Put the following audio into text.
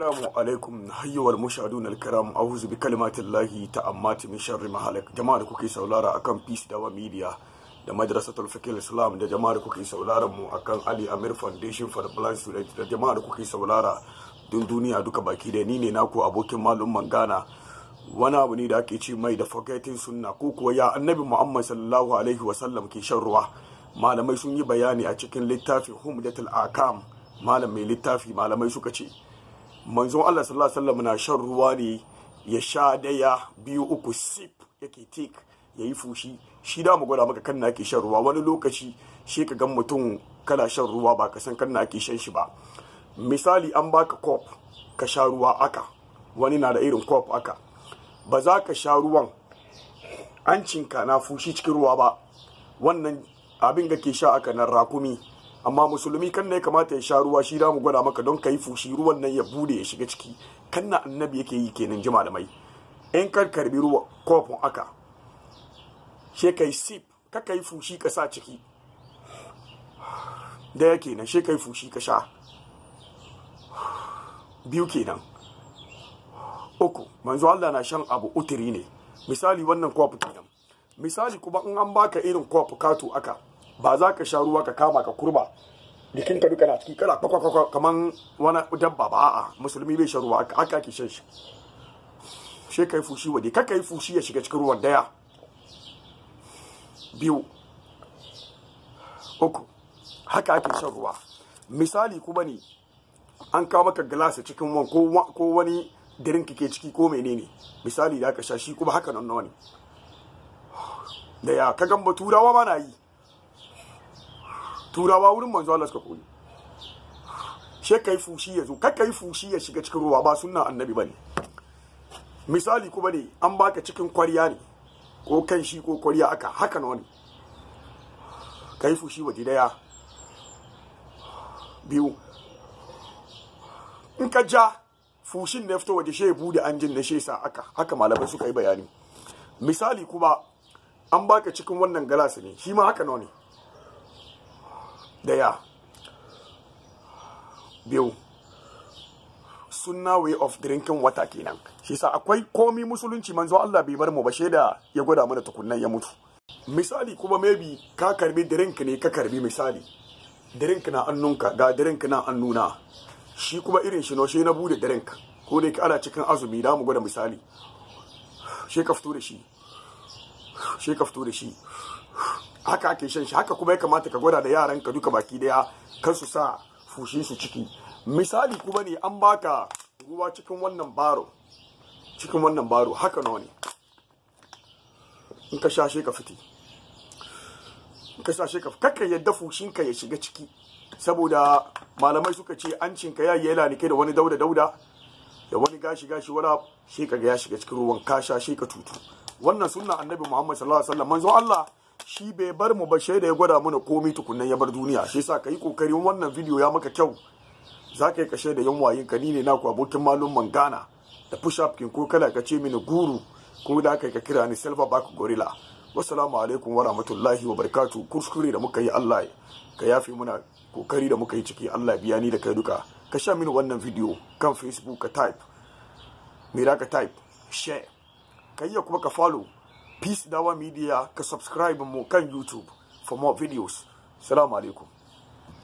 Assalamu alaikum hayyawar mushadun alkaram auzu bi kalimatin lahi ta amma min sharri mahalak jama'a da kuke saulara akan peace dawa media da madrasatul fikil islam da jama'a da kuke sauraron mu akan ali amir foundation for the blind student da jama'a da kuke saulara dun duniya duka baki da ni ne naku abokin malumman gana wani abu ne da ake ce mai da forgetting sunna ko kuwa ya annabi muhammad sallallahu alaihi sallam ke shan ruwa malamai sun yi bayani a cikin littafin humdatul akam malam mai littafi malamai suka ce manzon Allah sallallahu alaihi wasallam na shan ruwa ne ya sha daya biyu uku sip yake tik yayi fushi shi da mu gwada maka kanna ake shan ruwa wani lokaci shi ka gan mutum kana shan ruwa ba ka san kanna ake shan shi ba misali an baka kop ka sha ruwa aka wani na da irin kop aka ba za ka sha ruwan an cinka na fushi cikin ruwa ba wannan abin ga ke sha aka nan rakumi amma musulmi kan ne kamata ya sha ruwa shi mu gwada maka don ka yi fushi ruwan nan ya bude ya shiga ciki kan na annabi yake yi kenan jima da mai. in ka karbi ruwa kofin aka she yi sip ka kai fushi ka sa ciki da ya kenan she yi fushi ka sha biyu kenan uku manzo Allah na shan abu utiri ne misali wannan kofi kenan misali kuma in an baka irin kofi kato aka ba za ka sha ruwa ka kama ka kurba ka duka na ciki kana kwakwakwa kaman wani dabba ba a'a musulmi bai sha ruwa haka ake shan shi shi kai fushi wade kaka yi fushi ya shiga cikin ruwan daya biyu uku haka ake shan ruwa misali kuma ne an kawo maka glass cikin wan ko wani dirin ke ciki ko menene misali da aka sha shi kuma haka nan nawa ne da ya kagan baturawa ma na yi turawa wurin manzo Allah suka koyi she kai fushi yazo kai ka kai fushi ya shiga cikin ruwa ba sunna annabi bane misali kuma ne an baka cikin kwariya ne ko kan shi ko kwariya aka haka na wani kai fushi waje daya biyu in ka ja fushin na fito waje she bude anjin na shesa aka haka malamai suka yi bayani misali kuma an baka cikin wannan galas ne shi ma haka na wani. daya are. Biyu. Sunna way of drinking water kenan. Shi sa akwai komi musulunci manzo Allah bai bar mu ba shaida ya gwada mana tukunnan ya mutu. Misali kuma maybe ka karbi drink ne ka karbi misali. Drink na annunka ga drink na annuna. Shi kuma irin shi no shi na bude drink. Ko dai ka ana cikin azumi da mu gwada misali. Shi ka fito da shi. Shi ka fito da shi. haka ake shan shi haka kuma ya kamata ka gwada da yaran ka duka baki daya kan su sa fushin su ciki misali kuma ne an baka ruwa cikin wannan baro cikin wannan baro haka nawa ne in ka sha shi ka fiti in ka sha shi ka kakka yadda fushin ka ya shiga ciki saboda malamai suka ce an cinka ya yi nike da wani dauda dauda da wani gashi gashi wala shi ka ga ya shiga cikin ruwan ka sha shi ka tutu wannan sunna annabi muhammad sallallahu alaihi wasallam manzo allah shi bai bar mu ba da ya gwada mana komai tukunnan ya bar duniya shi yasa kai kokari wannan video ya maka kyau za ka yi kashe da yanwayin ka ni ne naku abokin malum gana da push up kin ko kala ka ce mini guru ko da kai ka kira ni silver back gorilla wassalamu alaikum wa rahmatullahi wa barakatuh kuskure da muka yi Allah ka yafe muna kokari da muka yi ciki Allah biya ni da kai duka ka sha mini wannan video kan facebook ka type mira ka type share kai ya kuma ka follow Peace Dawa Media ka subscribe mu kan YouTube for more videos. Salamu alaikum.